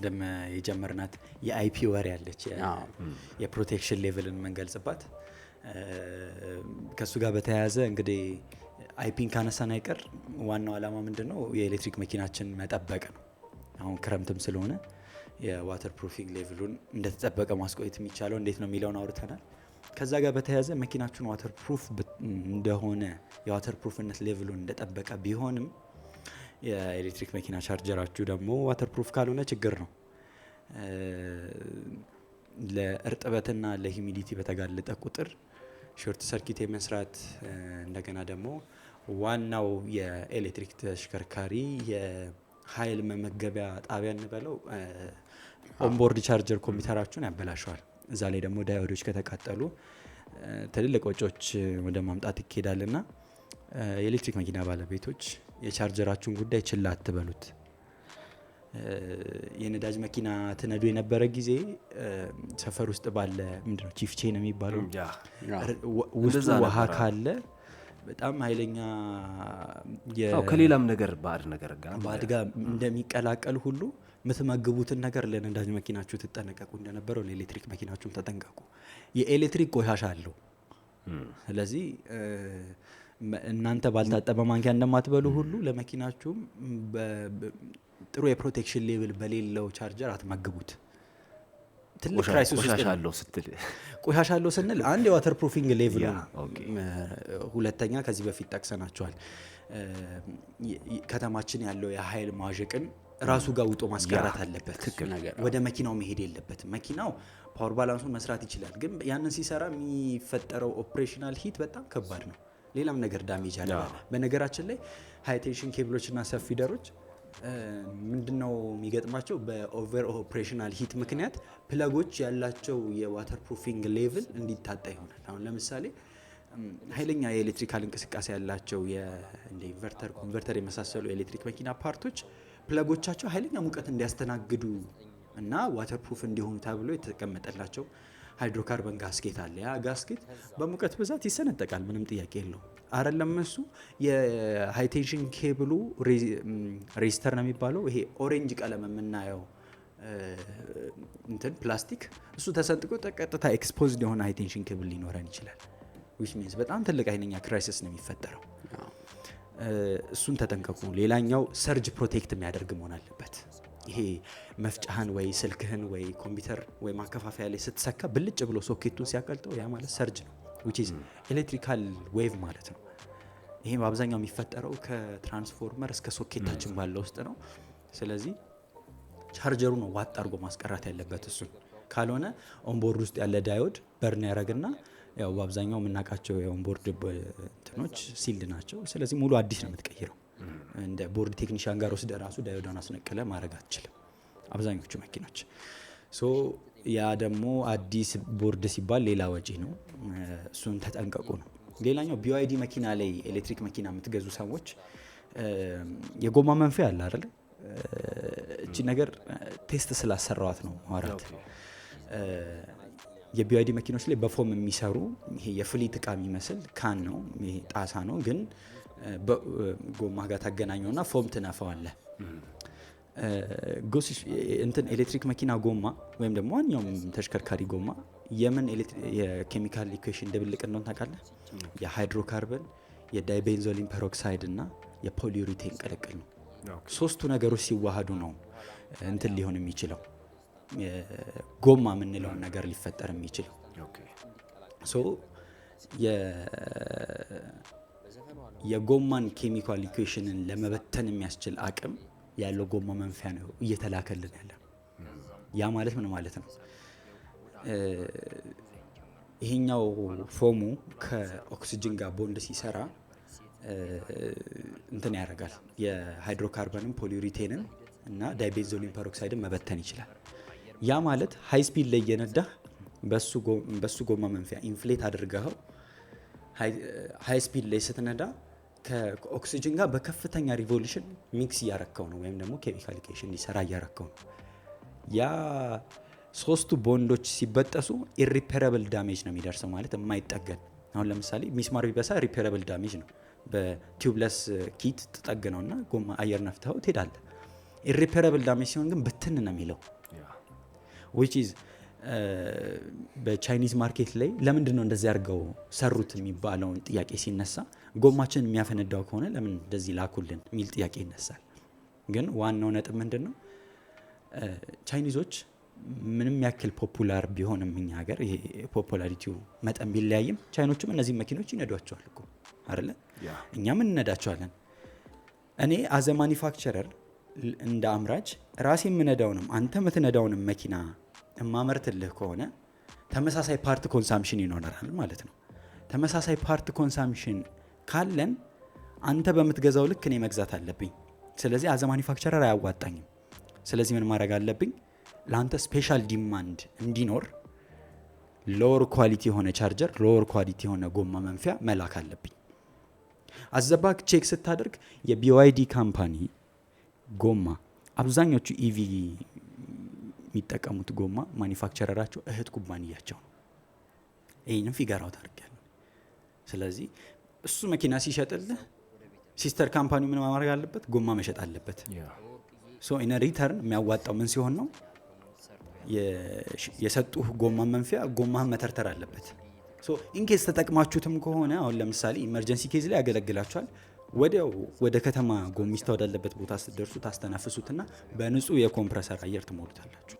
ቅድም የጀመርናት የአይፒ ወር ያለች የፕሮቴክሽን ሌቭልን የምንገልጽባት ከእሱ ጋር በተያያዘ እንግዲህ አይፒን ካነሳን አይቀር ዋናው ዓላማ ምንድን ነው? የኤሌክትሪክ መኪናችን መጠበቅ ነው። አሁን ክረምትም ስለሆነ የዋተር ፕሩፊንግ ሌቭሉን እንደተጠበቀ ማስቆየት የሚቻለው እንዴት ነው የሚለውን አውርተናል። ከዛ ጋር በተያያዘ መኪናችን ዋተር ፕሩፍ እንደሆነ የዋተር ፕሩፍነት ሌቭሉን እንደጠበቀ ቢሆንም የኤሌክትሪክ መኪና ቻርጀራችሁ ደግሞ ዋተርፕሩፍ ካልሆነ ችግር ነው። ለእርጥበትና ለሂሚዲቲ በተጋለጠ ቁጥር ሾርት ሰርኪት የመስራት እንደገና ደግሞ ዋናው የኤሌክትሪክ ተሽከርካሪ የኃይል መመገቢያ ጣቢያ እንበለው ኦንቦርድ ቻርጀር ኮምፒውተራችሁን ያበላሸዋል። እዛ ላይ ደግሞ ዳዮዶች ከተቃጠሉ ትልልቅ ወጪዎች ወደ ማምጣት ይኬዳልና የኤሌክትሪክ መኪና ባለቤቶች የቻርጀራችሁን ጉዳይ ችላ አትበሉት። የነዳጅ መኪና ትነዱ የነበረ ጊዜ ሰፈር ውስጥ ባለ ምንድነው ቺፍ ቼን የሚባለው ውስጡ ውሃ ካለ በጣም ኃይለኛ ከሌላም ነገር ባዕድ ነገር ባዕድ ጋር እንደሚቀላቀል ሁሉ የምትመግቡትን ነገር ለነዳጅ መኪናችሁ ትጠነቀቁ እንደነበረው ለኤሌክትሪክ መኪናችሁም ተጠንቀቁ። የኤሌክትሪክ ቆሻሻ አለው። ስለዚህ እናንተ ባልታጠበ ማንኪያ እንደማትበሉ ሁሉ ለመኪናችሁም ጥሩ የፕሮቴክሽን ሌብል በሌለው ቻርጀር አትመግቡት። ትልቅ ቆሻሻ አለው ቆሻሻ አለው ስንል አንድ የዋተር ፕሩፊንግ ሌቭሉ ሁለተኛ ከዚህ በፊት ጠቅሰናቸዋል። ከተማችን ያለው የኃይል ማዋዠቅን ራሱ ጋር ውጦ ማስቀረት አለበት። ወደ መኪናው መሄድ የለበትም። መኪናው ፓወር ባላንሱን መስራት ይችላል፣ ግን ያንን ሲሰራ የሚፈጠረው ኦፕሬሽናል ሂት በጣም ከባድ ነው። ሌላም ነገር ዳሜጅ አለ። በነገራችን ላይ ሃይቴንሽን ኬብሎችና ሰፊ ደሮች ምንድነው የሚገጥማቸው? በኦቨር ኦፕሬሽናል ሂት ምክንያት ፕለጎች ያላቸው የዋተር ፕሩፊንግ ሌቭል እንዲታጣ ይሆናል። አሁን ለምሳሌ ኃይለኛ የኤሌክትሪካል እንቅስቃሴ ያላቸው እንደ ኢንቨርተር፣ ኮንቨርተር የመሳሰሉ የኤሌክትሪክ መኪና ፓርቶች ፕለጎቻቸው ኃይለኛ ሙቀት እንዲያስተናግዱ እና ዋተር ፕሩፍ እንዲሆኑ ተብሎ የተቀመጠላቸው ሃይድሮካርበን ጋስኬት አለ። ያ ጋስኬት በሙቀት ብዛት ይሰነጠቃል፣ ምንም ጥያቄ የለው። አይደለም እሱ የሃይቴንሽን ኬብሉ ሬጅስተር ነው የሚባለው ይሄ ኦሬንጅ ቀለም የምናየው እንትን ፕላስቲክ እሱ ተሰንጥቆ ቀጥታ ኤክስፖዝድ የሆነ ሃይቴንሽን ኬብል ሊኖረን ይችላል። ዊች ሚንስ በጣም ትልቅ አይነኛ ክራይሲስ ነው የሚፈጠረው። እሱን ተጠንቀቁ። ሌላኛው ሰርጅ ፕሮቴክት የሚያደርግ መሆን አለበት። ይሄ መፍጫህን ወይ ስልክህን ወይ ኮምፒውተር ወይ ማከፋፈያ ላይ ስትሰካ ብልጭ ብሎ ሶኬቱን ሲያቀልጠው ያ ማለት ሰርጅ ነው፣ ኤሌክትሪካል ዌቭ ማለት ነው። ይሄ በአብዛኛው የሚፈጠረው ከትራንስፎርመር እስከ ሶኬታችን ባለ ውስጥ ነው። ስለዚህ ቻርጀሩ ነው ዋጥ አድርጎ ማስቀራት ያለበት እሱን ካልሆነ ኦንቦርድ ውስጥ ያለ ዳዮድ በርን ያደረግና ያው በአብዛኛው የምናውቃቸው የኦንቦርድ እንትኖች ሲልድ ናቸው። ስለዚህ ሙሉ አዲስ ነው የምትቀይረው። እንደ ቦርድ ቴክኒሽያን ጋር ወስደ ራሱ ዳዮዳን አስነቅለ ማድረግ አትችልም አብዛኞቹ መኪናች ሶ ያ ደግሞ አዲስ ቦርድ ሲባል ሌላ ወጪ ነው። እሱን ተጠንቀቁ ነው። ሌላኛው ቢዋይዲ መኪና ላይ ኤሌክትሪክ መኪና የምትገዙ ሰዎች የጎማ መንፊያ አለ አይደል? እቺ ነገር ቴስት ስላሰራዋት ነው ማውራት። የቢዋይዲ መኪኖች ላይ በፎም የሚሰሩ ይሄ የፍሊት እቃ የሚመስል ካን ነው፣ ይሄ ጣሳ ነው ግን ጎማ ጋር ታገናኘውና ፎም ትነፋዋለህ። እንትን ኤሌክትሪክ መኪና ጎማ ወይም ደግሞ ዋኛውም ተሽከርካሪ ጎማ የምን የኬሚካል ኢኩዌሽን ድብልቅ እንደሆነ ታውቃለ? የሃይድሮካርበን የዳይቤንዞሊን ፐሮክሳይድ እና የፖሊዩሪቴን ቅልቅል ነው። ሶስቱ ነገሮች ሲዋሃዱ ነው እንትን ሊሆን የሚችለው ጎማ የምንለውን ነገር ሊፈጠር የሚችለው የጎማን ኬሚካል ኢኩዌሽንን ለመበተን የሚያስችል አቅም ያለው ጎማ መንፊያ ነው እየተላከልን ያለ። ያ ማለት ምን ማለት ነው? ይሄኛው ፎሙ ከኦክሲጅን ጋር ቦንድ ሲሰራ እንትን ያደርጋል። የሃይድሮካርበንን ፖሊሪቴንን እና ዳይቤንዞሊን ፐሮክሳይድን መበተን ይችላል። ያ ማለት ሃይስፒድ ላይ እየነዳህ በሱ ጎማ መንፊያ ኢንፍሌት አድርገኸው ሃይ ስፒድ ላይ ስትነዳ ከኦክሲጅን ጋር በከፍተኛ ሪቮሉሽን ሚክስ እያረከው ነው፣ ወይም ደግሞ ኬሚካል ኬሽን እንዲሰራ እያረከው ነው። ያ ሶስቱ ቦንዶች ሲበጠሱ ኢሪፔረብል ዳሜጅ ነው የሚደርሰው፣ ማለት የማይጠገን አሁን ለምሳሌ ሚስማር ቢበሳ ሪፔረብል ዳሜጅ ነው። በቲዩብለስ ኪት ነው እና ጎማ አየር ነፍተው ትሄዳለ። ኢሪፔረብል ዳሜጅ ሲሆን ግን ብትን ነው የሚለው ዊች ኢዝ በቻይኒዝ ማርኬት ላይ ለምንድን ነው እንደዚህ አድርገው ሰሩት የሚባለውን ጥያቄ ሲነሳ ጎማችን የሚያፈነዳው ከሆነ ለምን እንደዚህ ላኩልን የሚል ጥያቄ ይነሳል። ግን ዋናው ነጥብ ምንድን ነው? ቻይኒዞች ምንም ያክል ፖፑላር ቢሆንም እኛ ሀገር ይሄ ፖፑላሪቲው መጠን ቢለያይም ቻይኖችም እነዚህ መኪኖች ይነዷቸዋል እኮ አለ። እኛም እንነዳቸዋለን። እኔ አዘ ማኒፋክቸረር እንደ አምራች ራሴ የምነዳውንም አንተ የምትነዳውንም መኪና የማመርትልህ ከሆነ ተመሳሳይ ፓርት ኮንሳምሽን ይኖረናል ማለት ነው። ተመሳሳይ ፓርት ኮንሳምሽን ካለን አንተ በምትገዛው ልክ እኔ መግዛት አለብኝ። ስለዚህ አዘ ማኒፋክቸረር አያዋጣኝም። ስለዚህ ምን ማድረግ አለብኝ? ለአንተ ስፔሻል ዲማንድ እንዲኖር ሎወር ኳሊቲ የሆነ ቻርጀር፣ ሎወር ኳሊቲ የሆነ ጎማ መንፊያ መላክ አለብኝ። አዘባክ ቼክ ስታደርግ የቢዋይዲ ካምፓኒ ጎማ አብዛኞቹ ኢቪ e የሚጠቀሙት ጎማ ማኒፋክቸረራቸው እህት ኩባንያቸው ነው። ይህንም ፊገር አውት ስለዚህ እሱ መኪና ሲሸጥልህ ሲስተር ካምፓኒ ምን ማድረግ አለበት? ጎማ መሸጥ አለበት። ኢነ ሪተርን የሚያዋጣው ምን ሲሆን ነው? የሰጡህ ጎማ መንፊያ ጎማህን መተርተር አለበት። ኢንኬስ ተጠቅማችሁትም ከሆነ አሁን ለምሳሌ ኢመርጀንሲ ኬዝ ላይ ያገለግላችኋል። ወዲያው ወደ ከተማ ጎሚስታ ወዳለበት ቦታ ስትደርሱ ታስተነፍሱትና በንጹህ የኮምፕረሰር አየር ትሞሉታላችሁ።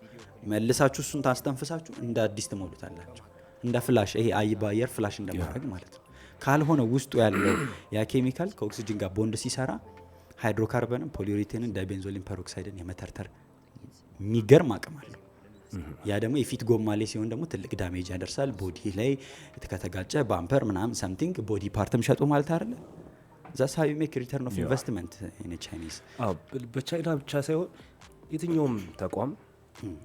መልሳችሁ እሱን ታስተንፍሳችሁ እንደ አዲስ ትሞሉታላችሁ። እንደ ፍላሽ ይሄ አይ በአየር ፍላሽ እንደማድረግ ማለት ነው። ካልሆነ ውስጡ ያለው ያ ኬሚካል ከኦክሲጅን ጋር ቦንድ ሲሰራ ሃይድሮካርበንን፣ ፖሊዩሪቴንን፣ ዳይቤንዞሊን ፐሮክሳይድን የመተርተር የሚገርም አቅም አለው። ያ ደግሞ የፊት ጎማ ላይ ሲሆን ደግሞ ትልቅ ዳሜጅ ያደርሳል ቦዲ ላይ ከተጋጨ ባምፐር ምናምን ሰምቲንግ ቦዲ ፓርትም ሸጡ ማለት አይደለም። ዛስ ሃው ሜክ ሪተርን ኦፍ ኢንቨስትመንት ኢን ቻይኒዝ። በቻይና ብቻ ሳይሆን የትኛውም ተቋም hmm.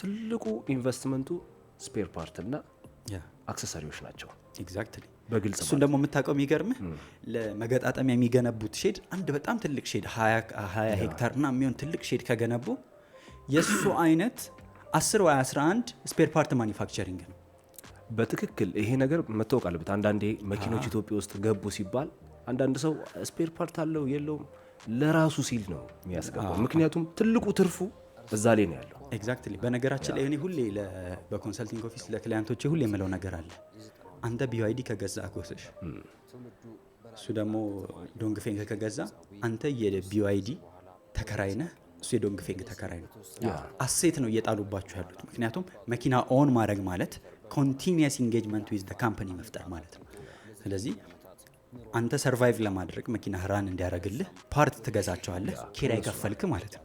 ትልቁ ኢንቨስትመንቱ ስፔር ፓርት እና አክሰሰሪዎች ናቸው። ኤግዛክትሊ በግልጽ እሱን ደግሞ የምታውቀው የሚገርምህ hmm. ለመገጣጠሚያ የሚገነቡት ሼድ አንድ በጣም ትልቅ ሼድ ሀያ ሄክታር እና የሚሆን ትልቅ ሼድ ከገነቡ የእሱ አይነት 10 ወይ 11 ስፔር ፓርት ማኒፋክቸሪንግ ነው። በትክክል ይሄ ነገር መታወቅ አለበት። አንዳንዴ መኪኖች ኢትዮጵያ ውስጥ ገቡ ሲባል አንዳንድ ሰው ስፔር ፓርት አለው የለውም ለራሱ ሲል ነው የሚያስገባው። ምክንያቱም ትልቁ ትርፉ እዛ ላይ ነው ያለው። ኤግዛክትሊ። በነገራችን ላይ እኔ ሁሌ በኮንሰልቲንግ ኦፊስ ለክላያንቶች ሁሌ የምለው ነገር አለ። አንተ ቢዋይዲ ከገዛ አጎስሽ እሱ ደግሞ ዶንግፌንግ ከገዛ አንተ የቢዋይዲ ተከራይ ነህ፣ እሱ የዶንግፌንግ ተከራይ ነው። አሴት ነው እየጣሉባችሁ ያሉት። ምክንያቱም መኪና ኦን ማድረግ ማለት ኮንቲኒየስ ኢንጌጅመንት ዊዝ ካምፓኒ መፍጠር ማለት ነው። ስለዚህ አንተ ሰርቫይቭ ለማድረግ መኪና ራን እንዲያደርግልህ ፓርት ትገዛቸዋለህ፣ ኪራይ ከፈልክ ማለት ነው።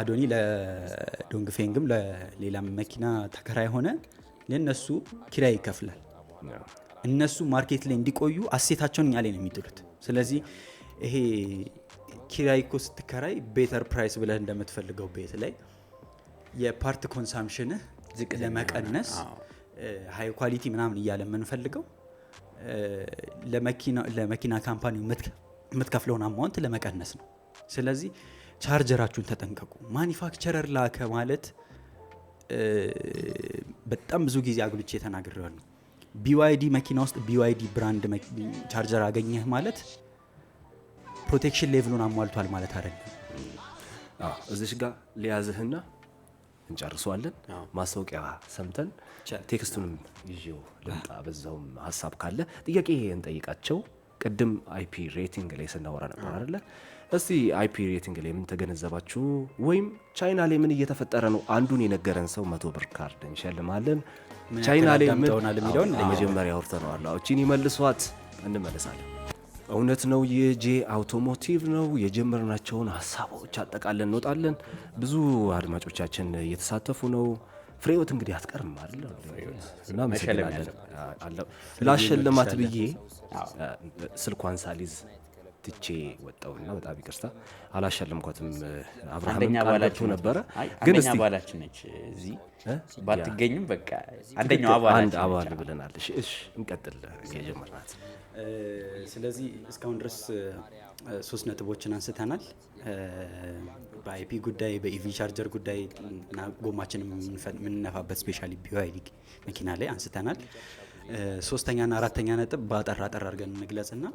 አዶኒ ለዶንግፌንግም ለሌላ መኪና ተከራይ ሆነ ለእነሱ ኪራይ ይከፍላል። እነሱ ማርኬት ላይ እንዲቆዩ አሴታቸውን እኛ ላይ ነው የሚጥሉት። ስለዚህ ይሄ ኪራይ እኮ ስትከራይ ቤተር ፕራይስ ብለህ እንደምትፈልገው ቤት ላይ የፓርት ኮንሳምሽንህ ዝቅ ለመቀነስ ሀይ ኳሊቲ ምናምን እያለ የምንፈልገው ለመኪና ካምፓኒው የምትከፍለውን አማውንት ለመቀነስ ነው። ስለዚህ ቻርጀራችሁን ተጠንቀቁ። ማኒፋክቸረር ላከ ማለት በጣም ብዙ ጊዜ አግልቼ ነው። ቢዋይዲ መኪና ውስጥ ቢዋይዲ ብራንድ ቻርጀር አገኘህ ማለት ፕሮቴክሽን ሌቭሉን አሟልቷል ማለት አይደለም። እዚሽ ጋር ሊያዝህና እንጨርሰዋለን። ማስታወቂያ ሰምተን ቴክስቱንም ይዤው ልምጣ። በዛውም ሀሳብ ካለ ጥያቄ እንጠይቃቸው። ቅድም አይፒ ሬቲንግ ላይ ስናወራ ነበር አይደለ? እስቲ አይፒ ሬቲንግ ላይ ምን ተገነዘባችሁ? ወይም ቻይና ላይ ምን እየተፈጠረ ነው? አንዱን የነገረን ሰው መቶ ብር ካርድ እንሸልማለን። ቻይና ላይ ምን የሚለውን መጀመሪያ አውርተነዋል። ይመልሷት፣ እንመለሳለን። እውነት ነው። የጄ አውቶሞቲቭ ነው። የጀመርናቸውን ሀሳቦች አጠቃለን እንወጣለን። ብዙ አድማጮቻችን እየተሳተፉ ነው። ፍሬወት እንግዲህ አትቀርም አለ እና መሰግናለን። ላሸልማት ብዬ ስልኳን ሳሊዝ ትቼ ወጣሁና በጣም ይቅርታ አላሸለምኳትም። አብርሃም ባላችሁ ነበረ ግን እስቲ አባላችን ነች እዚህ ባትገኝም በቃ አንደኛው አባላችን አባል ብለናል። እሺ እንቀጥል የጀመርናት ስለዚህ እስካሁን ድረስ ሶስት ነጥቦችን አንስተናል። በአይፒ ጉዳይ፣ በኢቪ ቻርጀር ጉዳይ እና ጎማችን የምንነፋበት ስፔሻሊ ቢዋይዲ መኪና ላይ አንስተናል። ሶስተኛና አራተኛ ነጥብ በአጠር አጠር አድርገን እንግለጽና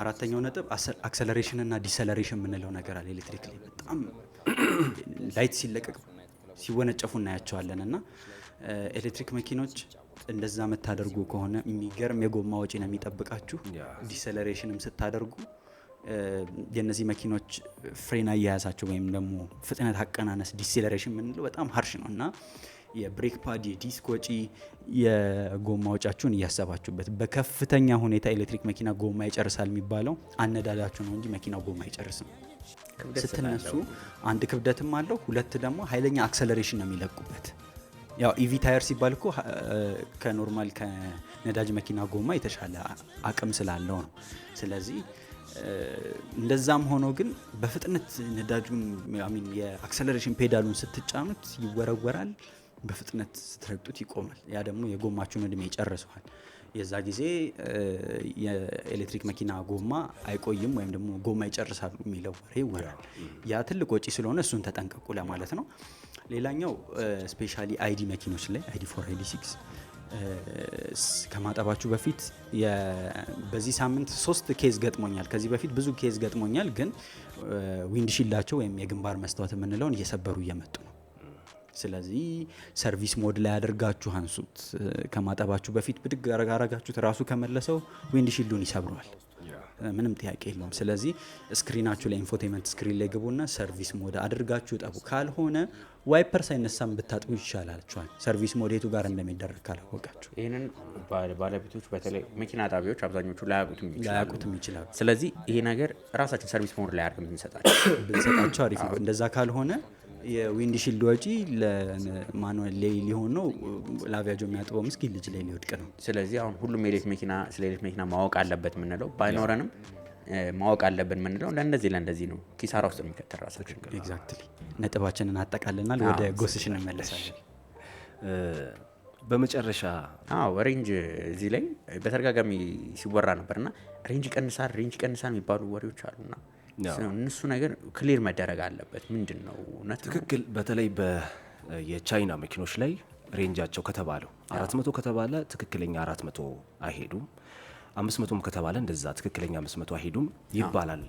አራተኛው ነጥብ አክሰለሬሽን እና ዲሰለሬሽን የምንለው ነገር አለ። ኤሌክትሪክ ላይ በጣም ላይት ሲለቀቅ ሲወነጨፉ እናያቸዋለን። እና ኤሌክትሪክ መኪኖች እንደዛ የምታደርጉ ከሆነ የሚገርም የጎማ ወጪ ነው የሚጠብቃችሁ። ዲሰለሬሽንም ስታደርጉ የእነዚህ መኪኖች ፍሬን አያያዛቸው ወይም ደግሞ ፍጥነት አቀናነስ ዲሴለሬሽን የምንለው በጣም ሀርሽ ነው እና የብሬክ ፓድ፣ የዲስክ ወጪ፣ የጎማ ወጫችሁን እያሰባችሁበት በከፍተኛ ሁኔታ ኤሌክትሪክ መኪና ጎማ ይጨርሳል የሚባለው አነዳዳችሁ ነው እንጂ መኪናው ጎማ አይጨርስም። ስትነሱ አንድ ክብደትም አለው፣ ሁለት ደግሞ ኃይለኛ አክሰለሬሽን ነው የሚለቁበት። ያው ኢቪ ታየር ሲባል እኮ ከኖርማል ከነዳጅ መኪና ጎማ የተሻለ አቅም ስላለው ነው። ስለዚህ እንደዛም ሆኖ ግን በፍጥነት ነዳጁን የአክሰለሬሽን ፔዳሉን ስትጫኑት ይወረወራል። በፍጥነት ስትረግጡት ይቆማል። ያ ደግሞ የጎማችሁን እድሜ ይጨርሰዋል። የዛ ጊዜ የኤሌክትሪክ መኪና ጎማ አይቆይም ወይም ደግሞ ጎማ ይጨርሳሉ የሚለው ወሬ ይወራል። ያ ትልቅ ወጪ ስለሆነ እሱን ተጠንቀቁ ለማለት ነው። ሌላኛው ስፔሻሊ አይዲ መኪኖች ላይ አይዲ ፎር አይዲ ሲክስ ከማጠባችሁ በፊት በዚህ ሳምንት ሶስት ኬዝ ገጥሞኛል። ከዚህ በፊት ብዙ ኬዝ ገጥሞኛል፣ ግን ዊንድሺልዳቸው ወይም የግንባር መስታወት የምንለውን እየሰበሩ እየመጡ ነው። ስለዚህ ሰርቪስ ሞድ ላይ አድርጋችሁ አንሱት። ከማጠባችሁ በፊት ብድግ አረጋችሁት ራሱ ከመለሰው ዊንድ ሺልዱን ይሰብረዋል። ምንም ጥያቄ የለውም። ስለዚህ ስክሪናችሁ ላይ ኢንፎቴመንት ስክሪን ላይ ግቡና ሰርቪስ ሞድ አድርጋችሁ ጠቡ። ካልሆነ ዋይፐር ሳይነሳም ብታጥቡ ይሻላችኋል። ሰርቪስ ሞድ የቱ ጋር እንደሚደረግ ካላወቃችሁ፣ ይህንን ባለቤቶች በተለይ መኪና ጣቢያዎች አብዛኞቹ ላያውቁትም ይችላሉ። ስለዚህ ይሄ ነገር ራሳችን ሰርቪስ ሞድ ላይ አድርገን ብንሰጣቸው አሪፍ ነው። እንደዛ ካልሆነ የዊንድ ሺልድ ወጪ ለማኑዌል ላይ ሊሆን ነው። ላቪያጆ የሚያጥበው ምስኪን ልጅ ላይ ሊወድቅ ነው። ስለዚህ አሁን ሁሉም የሌት መኪና ስለ ሌት መኪና ማወቅ አለበት የምንለው ባይኖረንም ማወቅ አለብን የምንለው ለእንደዚህ ለእንደዚህ ነው። ኪሳራ ውስጥ የሚከተል ራሳችን ኤግዛክትሊ ነጥባችንን አጠቃልናል። ወደ ጎስሽ እንመለሳለን። በመጨረሻ አዎ ሬንጅ እዚህ ላይ በተደጋጋሚ ሲወራ ነበርና ሬንጅ ቀንሳል ሬንጅ ቀንሳል የሚባሉ ወሬዎች አሉና እሱ ነገር ክሊር መደረግ አለበት። ምንድን ነው እውነት ትክክል። በተለይ የቻይና መኪኖች ላይ ሬንጃቸው ከተባለው አራት መቶ ከተባለ ትክክለኛ አራት መቶ አይሄዱም። አምስት መቶም ከተባለ እንደዛ ትክክለኛ አምስት መቶ አይሄዱም ይባላል።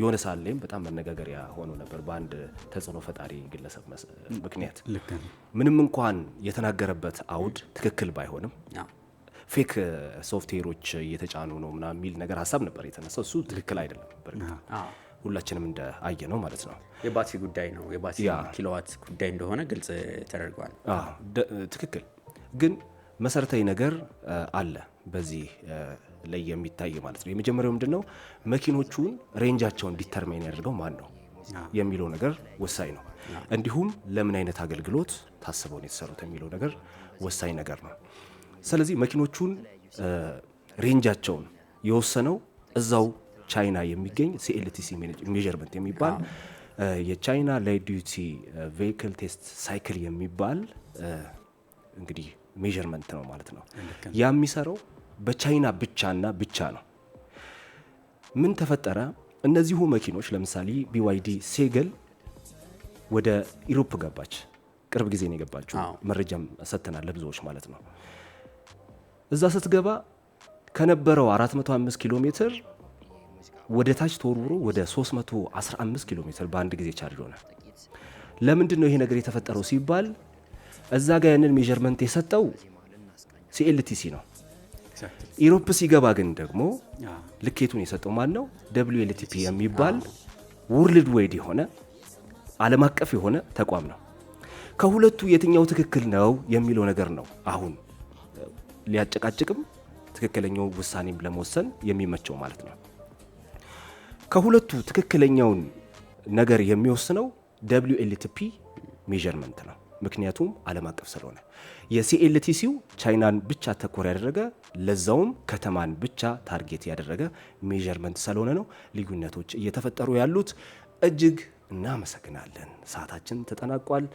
የሆነ ሰዓት ላይም በጣም መነጋገሪያ ሆኖ ነበር በአንድ ተጽዕኖ ፈጣሪ ግለሰብ ምክንያት ምንም እንኳን የተናገረበት አውድ ትክክል ባይሆንም ፌክ ሶፍትዌሮች እየተጫኑ ነው ምናምን የሚል ነገር ሀሳብ ነበር የተነሳው። እሱ ትክክል አይደለም ሁላችንም እንደ አየ ነው ማለት ነው። የባትሪ ጉዳይ ነው የባትሪ ኪሎዋት ጉዳይ እንደሆነ ግልጽ ተደርገዋል። ትክክል ግን መሰረታዊ ነገር አለ በዚህ ላይ የሚታይ ማለት ነው። የመጀመሪያው ምንድን ነው መኪኖቹን ሬንጃቸውን ዲተርማይን ያደርገው ማን ነው የሚለው ነገር ወሳኝ ነው። እንዲሁም ለምን አይነት አገልግሎት ታስበው ነው የተሰሩት የሚለው ነገር ወሳኝ ነገር ነው። ስለዚህ መኪኖቹን ሬንጃቸውን የወሰነው እዛው ቻይና የሚገኝ ሲኤልቲሲ ሜዥርመንት የሚባል የቻይና ላይ ዲዩቲ ቬሂክል ቴስት ሳይክል የሚባል እንግዲህ ሜዥርመንት ነው ማለት ነው። ያ የሚሰራው በቻይና ብቻና ብቻ ነው። ምን ተፈጠረ? እነዚሁ መኪኖች ለምሳሌ ቢዋይዲ ሴገል ወደ ኢሮፕ ገባች። ቅርብ ጊዜ ነው የገባችው። መረጃም ሰጥተናል ለብዙዎች ማለት ነው። እዛ ስትገባ ከነበረው 405 ኪሎ ሜትር ወደ ታች ተወርውሮ ወደ 315 ኪሎ ሜትር በአንድ ጊዜ ቻርጅ ሆነ። ለምንድን ነው ይሄ ነገር የተፈጠረው ሲባል እዛ ጋ ያንን ሜዠርመንት የሰጠው ሲኤልቲሲ ነው። ኢሮፕ ሲገባ ግን ደግሞ ልኬቱን የሰጠው ማን ነው? ደብሊው ኤልቲፒ የሚባል ውርልድ ወይድ የሆነ ዓለም አቀፍ የሆነ ተቋም ነው። ከሁለቱ የትኛው ትክክል ነው የሚለው ነገር ነው አሁን ሊያጨቃጭቅም ትክክለኛው ውሳኔም ለመወሰን የሚመቸው ማለት ነው። ከሁለቱ ትክክለኛውን ነገር የሚወስነው ደብሊው ኤልቲፒ ሜዠርመንት ነው። ምክንያቱም ዓለም አቀፍ ስለሆነ የሲኤልቲሲው ቻይናን ብቻ ተኮር ያደረገ ለዛውም ከተማን ብቻ ታርጌት ያደረገ ሜዠርመንት ስለሆነ ነው ልዩነቶች እየተፈጠሩ ያሉት። እጅግ እናመሰግናለን። ሰዓታችን ተጠናቋል።